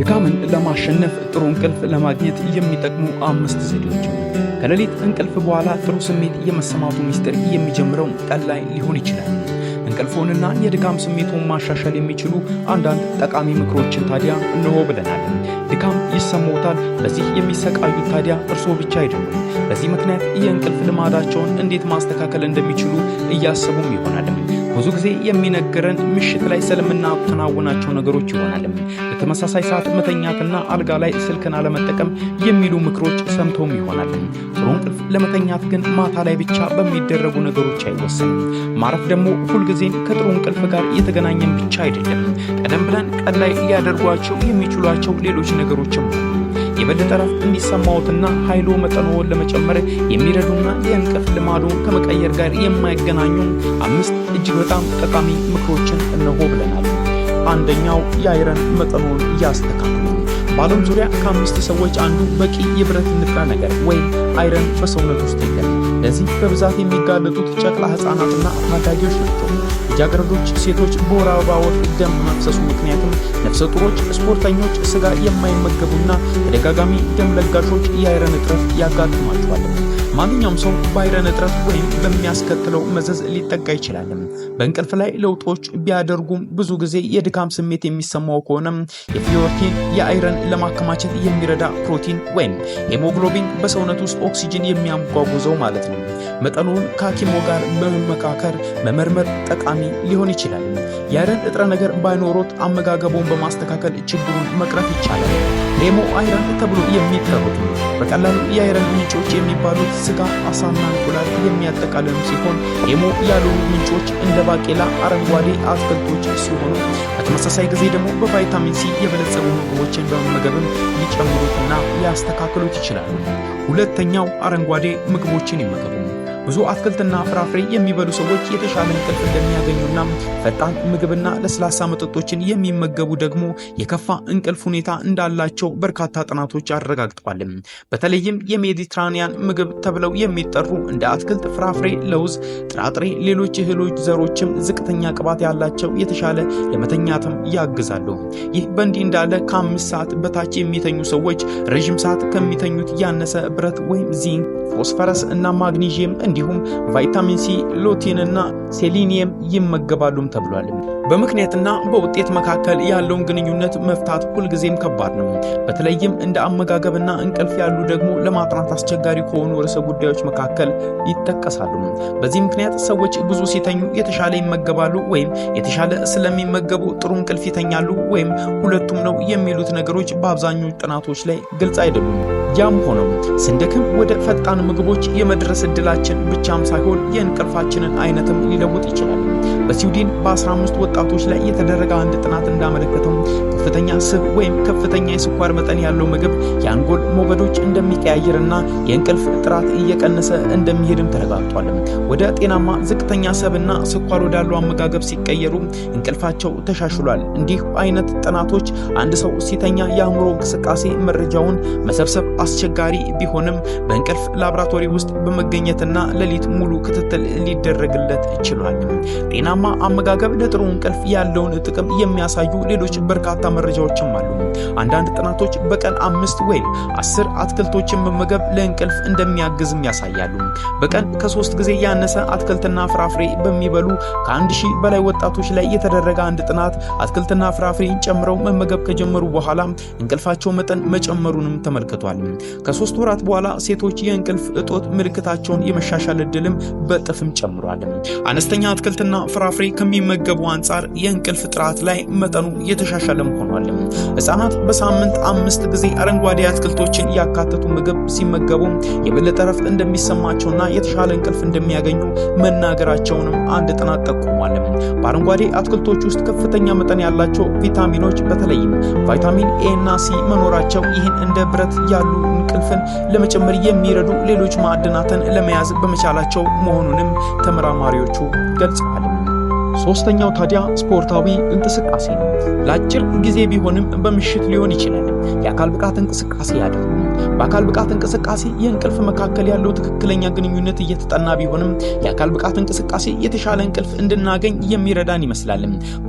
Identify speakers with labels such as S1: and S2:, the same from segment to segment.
S1: ድካምን ለማሸነፍ ጥሩ እንቅልፍ ለማግኘት የሚጠቅሙ አምስት ዘዴዎች። ከሌሊት እንቅልፍ በኋላ ጥሩ ስሜት የመሰማቱ ሚስጥር የሚጀምረው ጠላይ ሊሆን ይችላል። እንቅልፎንና የድካም ስሜቱን ማሻሻል የሚችሉ አንዳንድ ጠቃሚ ምክሮችን ታዲያ እንሆ ብለናል። ድካም ይሰማዎታል? በዚህ የሚሰቃዩት ታዲያ እርስዎ ብቻ አይደሉም። በዚህ ምክንያት የእንቅልፍ ልማዳቸውን እንዴት ማስተካከል እንደሚችሉ እያሰቡም ይሆናል። ብዙ ጊዜ የሚነገረን ምሽት ላይ ስለምናከናውናቸው ነገሮች ይሆናልም። በተመሳሳይ ሰዓት መተኛትና አልጋ ላይ ስልክን አለመጠቀም የሚሉ ምክሮች ሰምቶም ይሆናል። ጥሩ እንቅልፍ ለመተኛት ግን ማታ ላይ ብቻ በሚደረጉ ነገሮች አይወሰንም። ማረፍ ደግሞ ሁልጊዜም ከጥሩ እንቅልፍ ጋር የተገናኘን ብቻ አይደለም። ቀደም ብለን ቀን ላይ ሊያደርጓቸው የሚችሏቸው ሌሎች ነገሮችም የበለጠ ረፍት እንዲሰማዎትና ኃይሎ መጠኖን ለመጨመር የሚረዱና የእንቅልፍ ልማዶ ከመቀየር ጋር የማይገናኙ አምስት እጅግ በጣም ጠቃሚ ምክሮችን እነሆ ብለናል። አንደኛው የአይረን መጠኖን ያስተካክሉ። በዓለም ዙሪያ ከአምስት ሰዎች አንዱ በቂ የብረት ንጥረ ነገር ወይም አይረን በሰውነት ውስጥ የለም። ለዚህ በብዛት የሚጋለጡት ጨቅላ ሕፃናትና ታዳጊዎች ናቸው። ልጃገረዶች፣ ሴቶች በወር አበባ ወቅት ደም በመፍሰሱ ምክንያትም ነፍሰ ጡሮች፣ ስፖርተኞች፣ ስጋ የማይመገቡና ተደጋጋሚ ደም ለጋሾች የአይረን እጥረት ያጋጥማቸዋል። ማንኛውም ሰው በአይረን እጥረት ወይም በሚያስከትለው መዘዝ ሊጠቃ ይችላል። በእንቅልፍ ላይ ለውጦች ቢያደርጉም ብዙ ጊዜ የድካም ስሜት የሚሰማው ከሆነም የፊዮርቲን የአይረን ለማከማቸት የሚረዳ ፕሮቲን ወይም ሄሞግሎቢን በሰውነት ውስጥ ኦክሲጅን የሚያጓጉዘው ማለት ነው። መጠኑን ከሐኪሞ ጋር በመመካከር መመርመር ጠቃሚ ሊሆን ይችላል። የአይረን ንጥረ ነገር ባይኖሮት አመጋገቡን በማስተካከል ችግሩን መቅረፍ ይቻላል። ሬሞ አይረን ተብሎ የሚጠሩት በቀላሉ የአይረን ምንጮች የሚባሉት ስጋ፣ አሳና እንቁላል የሚያጠቃልሉ ሲሆን ሬሞ ያሉ ምንጮች እንደ ባቄላ፣ አረንጓዴ አትክልቶች ሲሆኑ በተመሳሳይ ጊዜ ደግሞ በቫይታሚን ሲ የበለጸጉ ምግቦችን በመመገብም ሊጨምሩትና ሊያስተካክሉት ይችላሉ። ሁለተኛው አረንጓዴ ምግቦችን ይመገቡ። ብዙ አትክልትና ፍራፍሬ የሚበሉ ሰዎች የተሻለ እንቅልፍ እንደሚያገኙና ፈጣን ምግብና ለስላሳ መጠጦችን የሚመገቡ ደግሞ የከፋ እንቅልፍ ሁኔታ እንዳላቸው በርካታ ጥናቶች አረጋግጠዋል። በተለይም የሜዲትራኒያን ምግብ ተብለው የሚጠሩ እንደ አትክልት፣ ፍራፍሬ፣ ለውዝ፣ ጥራጥሬ፣ ሌሎች እህሎች ዘሮችም ዝቅተኛ ቅባት ያላቸው የተሻለ ለመተኛትም ያግዛሉ። ይህ በእንዲህ እንዳለ ከአምስት ሰዓት በታች የሚተኙ ሰዎች ረዥም ሰዓት ከሚተኙት ያነሰ ብረት ወይም ዚንክ ፎስፈረስ እና ማግኒዥየም እንዲሁም ቫይታሚን ሲ፣ ሎቲን እና ሴሊኒየም ይመገባሉም ተብሏል። በምክንያትና በውጤት መካከል ያለውን ግንኙነት መፍታት ሁልጊዜም ከባድ ነው። በተለይም እንደ አመጋገብና እንቅልፍ ያሉ ደግሞ ለማጥናት አስቸጋሪ ከሆኑ ርዕሰ ጉዳዮች መካከል ይጠቀሳሉ። በዚህ ምክንያት ሰዎች ብዙ ሲተኙ የተሻለ ይመገባሉ ወይም የተሻለ ስለሚመገቡ ጥሩ እንቅልፍ ይተኛሉ ወይም ሁለቱም ነው የሚሉት ነገሮች በአብዛኞቹ ጥናቶች ላይ ግልጽ አይደሉም። ያም ሆኖም ስንደክም ወደ ፈጣን ምግቦች የመድረስ እድላችን ብቻም ሳይሆን የእንቅልፋችንን አይነትም ሊለውጥ ይችላል። በስዊድን በ15 ወጣቶች ላይ የተደረገ አንድ ጥናት እንዳመለከተው ከፍተኛ ስብ ወይም ከፍተኛ የስኳር መጠን ያለው ምግብ የአንጎል ሞገዶች እንደሚቀያየርና የእንቅልፍ ጥራት እየቀነሰ እንደሚሄድም ተረጋግጧል። ወደ ጤናማ ዝቅተኛ ስብና ስኳር ወዳለው አመጋገብ ሲቀየሩ እንቅልፋቸው ተሻሽሏል። እንዲህ አይነት ጥናቶች አንድ ሰው ሲተኛ የአእምሮ እንቅስቃሴ መረጃውን መሰብሰብ አስቸጋሪ ቢሆንም በእንቅልፍ ላብራቶሪ ውስጥ በመገኘትና ሌሊት ሙሉ ክትትል ሊደረግለት ችሏል። ጤናማ አመጋገብ ለጥሩ እንቅልፍ ያለውን ጥቅም የሚያሳዩ ሌሎች በርካታ መረጃዎችም አሉ። አንዳንድ ጥናቶች በቀን አምስት ወይም አስር አትክልቶችን መመገብ ለእንቅልፍ እንደሚያግዝም ያሳያሉ። በቀን ከሶስት ጊዜ ያነሰ አትክልትና ፍራፍሬ በሚበሉ ከአንድ ሺህ በላይ ወጣቶች ላይ የተደረገ አንድ ጥናት አትክልትና ፍራፍሬን ጨምረው መመገብ ከጀመሩ በኋላ እንቅልፋቸው መጠን መጨመሩንም ተመልክቷል። ከሶስት ወራት በኋላ ሴቶች የእንቅልፍ እጦት ምልክታቸውን የመሻሻል እድልም በጥፍም ጨምሯል። አነስተኛ አትክልትና ፍራፍሬ ከሚመገቡ አንጻር የእንቅልፍ ጥራት ላይ መጠኑ የተሻሻለም ሆኗል። ህጻናት በሳምንት አምስት ጊዜ አረንጓዴ አትክልቶችን ያካተቱ ምግብ ሲመገቡ የበለጠ ረፍት እንደሚሰማቸውና የተሻለ እንቅልፍ እንደሚያገኙ መናገራቸውንም አንድ ጥናት ጠቁሟል። በአረንጓዴ አትክልቶች ውስጥ ከፍተኛ መጠን ያላቸው ቪታሚኖች በተለይም ቫይታሚን ኤ እና ሲ መኖራቸው ይህን እንደ ብረት ያሉ እንቅልፍን ለመጨመር የሚረዱ ሌሎች ማዕድናትን ለመያዝ በመቻላቸው መሆኑንም ተመራማሪዎቹ ገልጸዋል። ሶስተኛው ታዲያ ስፖርታዊ እንቅስቃሴ ነው። ለአጭር ጊዜ ቢሆንም በምሽት ሊሆን ይችላል። የአካል ብቃት እንቅስቃሴ ያድርጉ። በአካል ብቃት እንቅስቃሴ የእንቅልፍ መካከል ያለው ትክክለኛ ግንኙነት እየተጠና ቢሆንም የአካል ብቃት እንቅስቃሴ የተሻለ እንቅልፍ እንድናገኝ የሚረዳን ይመስላል።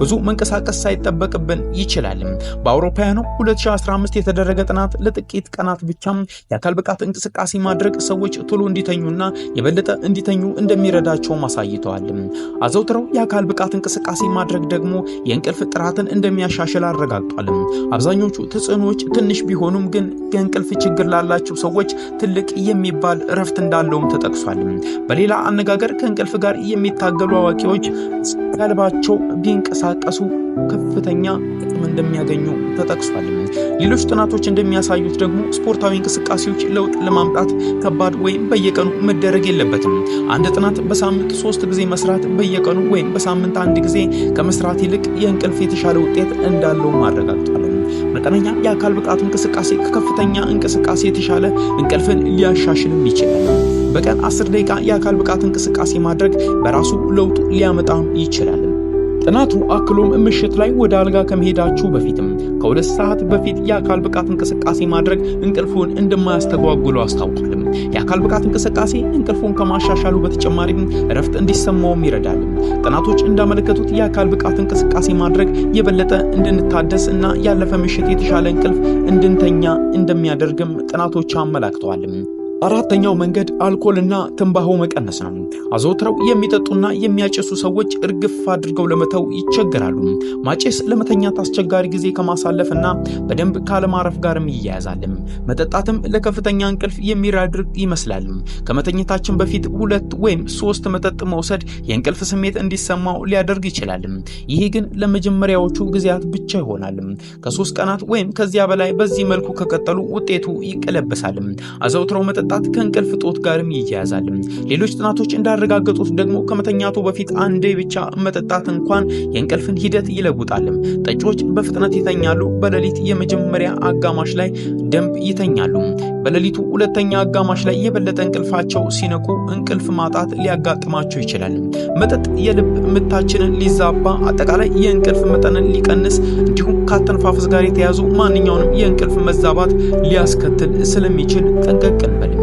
S1: ብዙ መንቀሳቀስ ሳይጠበቅብን ይችላል። በአውሮፓውያኑ 2015 የተደረገ ጥናት ለጥቂት ቀናት ብቻ የአካል ብቃት እንቅስቃሴ ማድረግ ሰዎች ቶሎ እንዲተኙና የበለጠ እንዲተኙ እንደሚረዳቸው አሳይተዋል። አዘውትረው የአካል ብቃት እንቅስቃሴ ማድረግ ደግሞ የእንቅልፍ ጥራትን እንደሚያሻሽል አረጋግጧል። አብዛኞቹ ተጽዕኖዎች ትንሽ ቢሆኑም ግን የእንቅልፍ ችግር ላላቸው ሰዎች ትልቅ የሚባል እረፍት እንዳለውም ተጠቅሷል። በሌላ አነጋገር ከእንቅልፍ ጋር የሚታገሉ አዋቂዎች ቀልባቸው ቢንቀሳቀሱ ከፍተኛ ጥቅም እንደሚያገኙ ተጠቅሷል። ሌሎች ጥናቶች እንደሚያሳዩት ደግሞ ስፖርታዊ እንቅስቃሴዎች ለውጥ ለማምጣት ከባድ ወይም በየቀኑ መደረግ የለበትም። አንድ ጥናት በሳምንት ሶስት ጊዜ መስራት በየቀኑ ወይም በሳምንት አንድ ጊዜ ከመስራት ይልቅ የእንቅልፍ የተሻለ ውጤት እንዳለው አረጋግጧል። መጠነኛ የአካል ብቃት እንቅስቃሴ ከከፍተኛ እንቅስቃሴ የተሻለ እንቅልፍን ሊያሻሽልም ይችላል። በቀን 10 ደቂቃ የአካል ብቃት እንቅስቃሴ ማድረግ በራሱ ለውጥ ሊያመጣ ይችላል። ጥናቱ አክሎም ምሽት ላይ ወደ አልጋ ከመሄዳችሁ በፊትም ከሁለት ሰዓት በፊት የአካል ብቃት እንቅስቃሴ ማድረግ እንቅልፉን እንደማያስተጓጉሉ አስታውቋል። የአካል ብቃት እንቅስቃሴ እንቅልፉን ከማሻሻሉ በተጨማሪም እረፍት እንዲሰማውም ይረዳል። ጥናቶች እንዳመለከቱት የአካል ብቃት እንቅስቃሴ ማድረግ የበለጠ እንድንታደስ እና ያለፈ ምሽት የተሻለ እንቅልፍ እንድንተኛ እንደሚያደርግም ጥናቶች አመላክተዋል። አራተኛው መንገድ አልኮልና ትንባሆ መቀነስ ነው። አዘውትረው የሚጠጡና የሚያጨሱ ሰዎች እርግፍ አድርገው ለመተው ይቸገራሉ። ማጨስ ለመተኛት አስቸጋሪ ጊዜ ከማሳለፍና በደንብ ካለማረፍ ጋርም ይያያዛል። መጠጣትም ለከፍተኛ እንቅልፍ የሚራድርግ ይመስላል። ከመተኘታችን በፊት ሁለት ወይም ሶስት መጠጥ መውሰድ የእንቅልፍ ስሜት እንዲሰማው ሊያደርግ ይችላል። ይሄ ግን ለመጀመሪያዎቹ ጊዜያት ብቻ ይሆናል። ከሶስት ቀናት ወይም ከዚያ በላይ በዚህ መልኩ ከቀጠሉ ውጤቱ ይቀለበሳል። አዘውትረው መጠጥ ማጣት ከእንቅልፍ ጦት ጋርም ይያያዛል። ሌሎች ጥናቶች እንዳረጋገጡት ደግሞ ከመተኛቱ በፊት አንዴ ብቻ መጠጣት እንኳን የእንቅልፍን ሂደት ይለውጣል። ጠጮች በፍጥነት ይተኛሉ። በሌሊት የመጀመሪያ አጋማሽ ላይ ደንብ ይተኛሉ። በሌሊቱ ሁለተኛ አጋማሽ ላይ የበለጠ እንቅልፋቸው ሲነቁ እንቅልፍ ማጣት ሊያጋጥማቸው ይችላል። መጠጥ የልብ ምታችንን ሊዛባ፣ አጠቃላይ የእንቅልፍ መጠንን ሊቀንስ እንዲሁም ከአተንፋፈስ ጋር የተያዙ ማንኛውንም የእንቅልፍ መዛባት ሊያስከትል ስለሚችል ጠንቀቅ እንበል።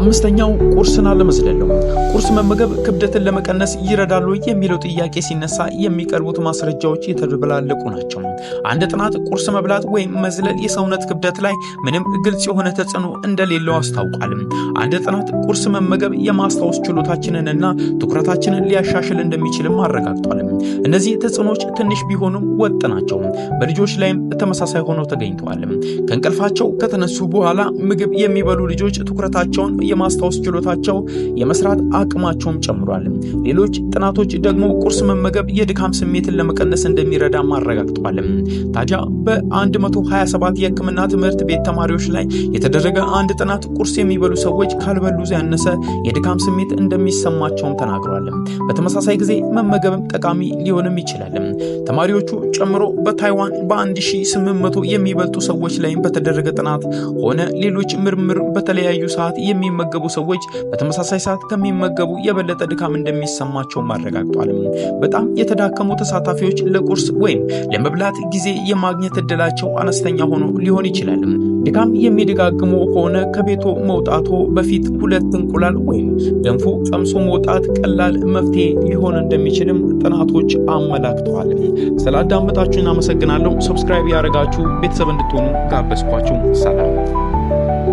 S1: አምስተኛው ቁርስን አለመዝለል ነው። ቁርስ መመገብ ክብደትን ለመቀነስ ይረዳሉ የሚለው ጥያቄ ሲነሳ የሚቀርቡት ማስረጃዎች የተደበላለቁ ናቸው። አንድ ጥናት ቁርስ መብላት ወይም መዝለል የሰውነት ክብደት ላይ ምንም ግልጽ የሆነ ተጽዕኖ እንደሌለው አስታውቋል። አንድ ጥናት ቁርስ መመገብ የማስታወስ ችሎታችንንና ትኩረታችንን ሊያሻሽል እንደሚችልም አረጋግጧል። እነዚህ ተጽዕኖዎች ትንሽ ቢሆኑም ወጥ ናቸው። በልጆች ላይም ተመሳሳይ ሆነው ተገኝተዋል። ከእንቅልፋቸው ከተነሱ በኋላ ምግብ የሚበሉ ልጆች ትኩረታቸውን የማስታወስ ችሎታቸው፣ የመስራት አቅማቸውም ጨምሯል። ሌሎች ጥናቶች ደግሞ ቁርስ መመገብ የድካም ስሜትን ለመቀነስ እንደሚረዳ አረጋግጠዋል። ታዲያ በ127 የህክምና ትምህርት ቤት ተማሪዎች ላይ የተደረገ አንድ ጥናት ቁርስ የሚበሉ ሰዎች ካልበሉ ያነሰ የድካም ስሜት እንደሚሰማቸውም ተናግሯል። በተመሳሳይ ጊዜ መመገብም ጠቃሚ ሊሆንም ይችላል። ተማሪዎቹ ጨምሮ በታይዋን በ1800 የሚበልጡ ሰዎች ላይም በተደረገ ጥናት ሆነ ሌሎች ምርምር በተለያዩ ሰዓት የሚ የሚመገቡ ሰዎች በተመሳሳይ ሰዓት ከሚመገቡ የበለጠ ድካም እንደሚሰማቸውም አረጋግጧል። በጣም የተዳከሙ ተሳታፊዎች ለቁርስ ወይም ለመብላት ጊዜ የማግኘት እድላቸው አነስተኛ ሆኖ ሊሆን ይችላል። ድካም የሚደጋግሙ ከሆነ ከቤቶ መውጣቶ በፊት ሁለት እንቁላል ወይም ገንፎ ቀምሶ መውጣት ቀላል መፍትሄ ሊሆን እንደሚችልም ጥናቶች አመላክተዋል። ስላዳመጣችሁ እናመሰግናለሁ። ሰብስክራይብ ያደረጋችሁ ቤተሰብ እንድትሆኑ ጋበዝኳችሁ። ሰላም